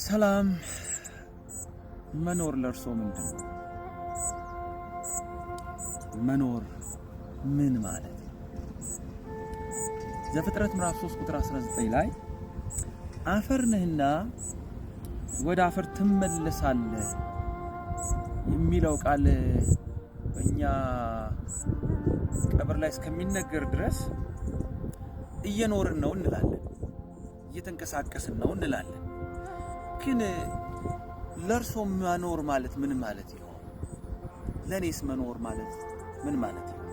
ሰላም መኖር ለእርሶ ምንድን ነው? መኖር ምን ማለት ነው? ዘፍጥረት ምዕራፍ 3 ቁጥር 19 ላይ አፈር ነህና ወደ አፈር ትመለሳለህ የሚለው ቃል በእኛ ቀብር ላይ እስከሚነገር ድረስ እየኖርን ነው እንላለን፣ እየተንቀሳቀስን ነው እንላለን። ግን ለእርሶ መኖር ማለት ምን ማለት ይሆን? ለእኔስ መኖር ማለት ምን ማለት ነው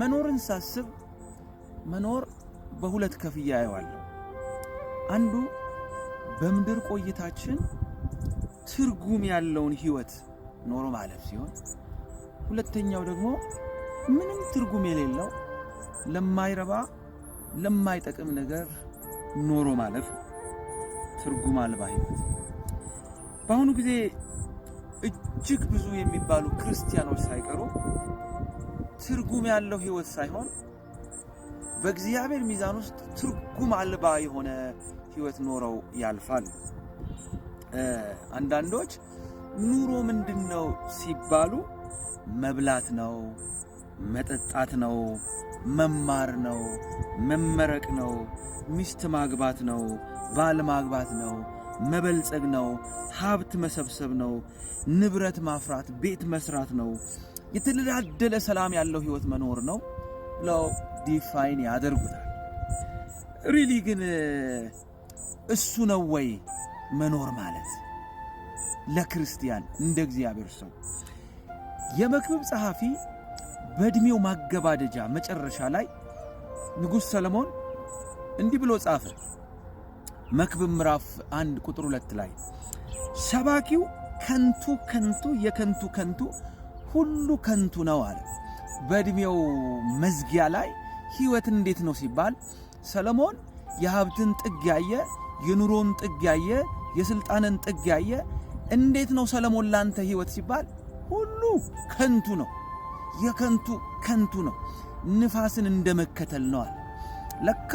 መኖርን ሳስብ መኖር በሁለት ከፍያ አየዋለሁ። አንዱ በምድር ቆይታችን ትርጉም ያለውን ህይወት ኖሮ ማለፍ ሲሆን፣ ሁለተኛው ደግሞ ምንም ትርጉም የሌለው ለማይረባ ለማይጠቅም ነገር ኖሮ ማለፍ ትርጉም አልባ ህይወት። በአሁኑ ጊዜ እጅግ ብዙ የሚባሉ ክርስቲያኖች ሳይቀሩ ትርጉም ያለው ህይወት ሳይሆን በእግዚአብሔር ሚዛን ውስጥ ትርጉም አልባ የሆነ ህይወት ኖረው ያልፋል። አንዳንዶች ኑሮ ምንድን ነው ሲባሉ መብላት ነው፣ መጠጣት ነው፣ መማር ነው፣ መመረቅ ነው፣ ሚስት ማግባት ነው፣ ባል ማግባት ነው፣ መበልጸግ ነው፣ ሀብት መሰብሰብ ነው፣ ንብረት ማፍራት፣ ቤት መስራት ነው፣ የተደላደለ ሰላም ያለው ህይወት መኖር ነው ብለው ዲፋይን ያደርጉታል። ሪሊ ግን እሱ ነው ወይ መኖር ማለት ለክርስቲያን እንደ እግዚአብሔር ሰው የመክብብ ጸሐፊ በእድሜው ማገባደጃ መጨረሻ ላይ ንጉሥ ሰለሞን እንዲህ ብሎ ጻፈ። መክብብ ምዕራፍ አንድ ቁጥር ሁለት ላይ ሰባኪው ከንቱ ከንቱ የከንቱ ከንቱ ሁሉ ከንቱ ነው አለ። በእድሜው መዝጊያ ላይ ሕይወት እንዴት ነው ሲባል ሰለሞን የሀብትን ጥግ ያየ፣ የኑሮን ጥግ ያየ፣ የሥልጣንን ጥግ ያየ እንዴት ነው ሰለሞን ላንተ ሕይወት ሲባል ሁሉ ከንቱ ነው የከንቱ ከንቱ ነው፣ ንፋስን እንደመከተል ነው አለ። ለካ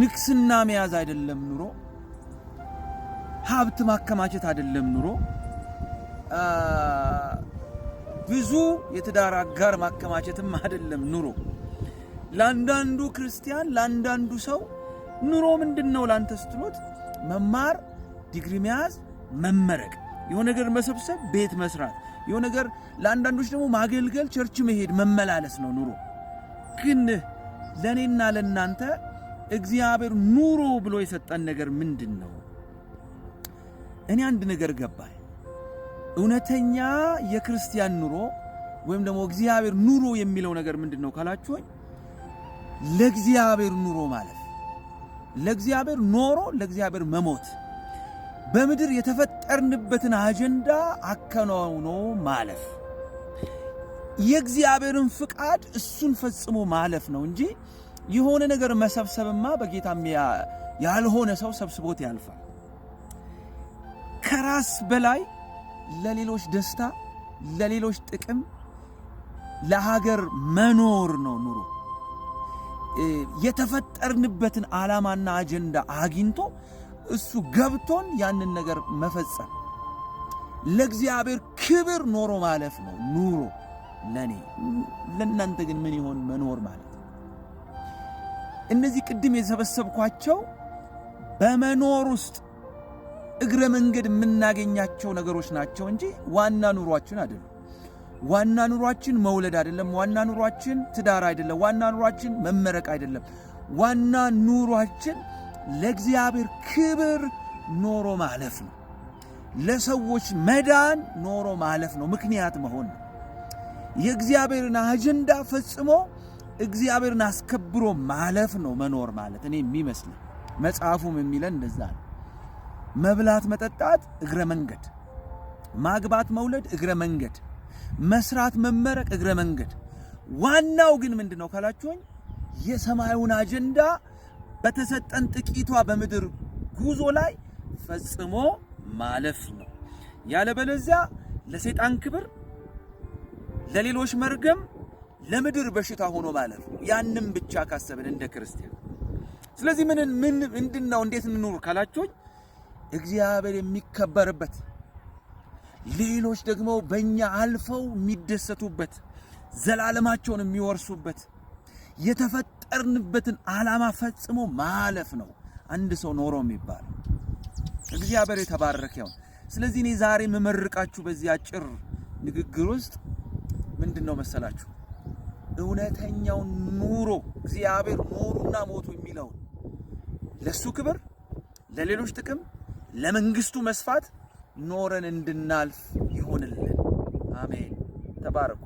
ንግስና መያዝ አይደለም ኑሮ፣ ሀብት ማከማቸት አይደለም ኑሮ፣ ብዙ የትዳር አጋር ማከማቸትም አይደለም ኑሮ። ለአንዳንዱ ክርስቲያን፣ ለአንዳንዱ ሰው ኑሮ ምንድን ነው? ላንተ መማር፣ ዲግሪ መያዝ፣ መመረቅ የሆነ ነገር መሰብሰብ፣ ቤት መስራት፣ የሆነ ነገር ለአንዳንዶች ደግሞ ማገልገል፣ ቸርች መሄድ፣ መመላለስ ነው ኑሮ። ግን ለእኔና ለእናንተ እግዚአብሔር ኑሮ ብሎ የሰጠን ነገር ምንድን ነው? እኔ አንድ ነገር ገባኝ። እውነተኛ የክርስቲያን ኑሮ ወይም ደግሞ እግዚአብሔር ኑሮ የሚለው ነገር ምንድን ነው ካላችሁኝ፣ ለእግዚአብሔር ኑሮ ማለት ለእግዚአብሔር ኖሮ ለእግዚአብሔር መሞት በምድር የተፈጠርንበትን አጀንዳ አከናውኖ ማለፍ የእግዚአብሔርን ፍቃድ እሱን ፈጽሞ ማለፍ ነው እንጂ የሆነ ነገር መሰብሰብማ በጌታም ያልሆነ ሰው ሰብስቦት ያልፋል። ከራስ በላይ ለሌሎች ደስታ፣ ለሌሎች ጥቅም፣ ለሀገር መኖር ነው ኑሮ። የተፈጠርንበትን ዓላማና አጀንዳ አግኝቶ እሱ ገብቶን ያንን ነገር መፈጸም ለእግዚአብሔር ክብር ኖሮ ማለፍ ነው። ኑሮ ለእኔ ለእናንተ ግን ምን ይሆን መኖር ማለት ነው? እነዚህ ቅድም የሰበሰብኳቸው በመኖር ውስጥ እግረ መንገድ የምናገኛቸው ነገሮች ናቸው እንጂ ዋና ኑሯችን አይደለም። ዋና ኑሯችን መውለድ አይደለም። ዋና ኑሯችን ትዳር አይደለም። ዋና ኑሯችን መመረቅ አይደለም። ዋና ኑሯችን ለእግዚአብሔር ክብር ኖሮ ማለፍ ነው። ለሰዎች መዳን ኖሮ ማለፍ ነው። ምክንያት መሆን ነው። የእግዚአብሔርን አጀንዳ ፈጽሞ እግዚአብሔርን አስከብሮ ማለፍ ነው መኖር ማለት። እኔ የሚመስል መጽሐፉም የሚለን እንደዛ ነው። መብላት መጠጣት እግረ መንገድ፣ ማግባት መውለድ እግረ መንገድ፣ መስራት መመረቅ እግረ መንገድ። ዋናው ግን ምንድን ነው ካላችሁኝ የሰማዩን አጀንዳ በተሰጠን ጥቂቷ በምድር ጉዞ ላይ ፈጽሞ ማለፍ ነው። ያለበለዚያ ለሰይጣን ክብር፣ ለሌሎች መርገም፣ ለምድር በሽታ ሆኖ ማለፍ ነው። ያንም ብቻ ካሰብን እንደ ክርስቲያን። ስለዚህ ምን ምን ምንድነው እንዴት እንኖር ካላችሁኝ እግዚአብሔር የሚከበርበት ሌሎች ደግሞ በእኛ አልፈው የሚደሰቱበት ዘላለማቸውን የሚወርሱበት የተፈጠርንበትን ዓላማ ፈጽሞ ማለፍ ነው አንድ ሰው ኖሮ የሚባል እግዚአብሔር የተባረከ ይሁን። ስለዚህ እኔ ዛሬ መመርቃችሁ በዚህ አጭር ንግግር ውስጥ ምንድን ነው መሰላችሁ እውነተኛውን ኑሮ እግዚአብሔር ኑሩና ሞቱ የሚለውን ለሱ ክብር፣ ለሌሎች ጥቅም፣ ለመንግስቱ መስፋት ኖረን እንድናልፍ ይሆንልን። አሜን። ተባረኩ።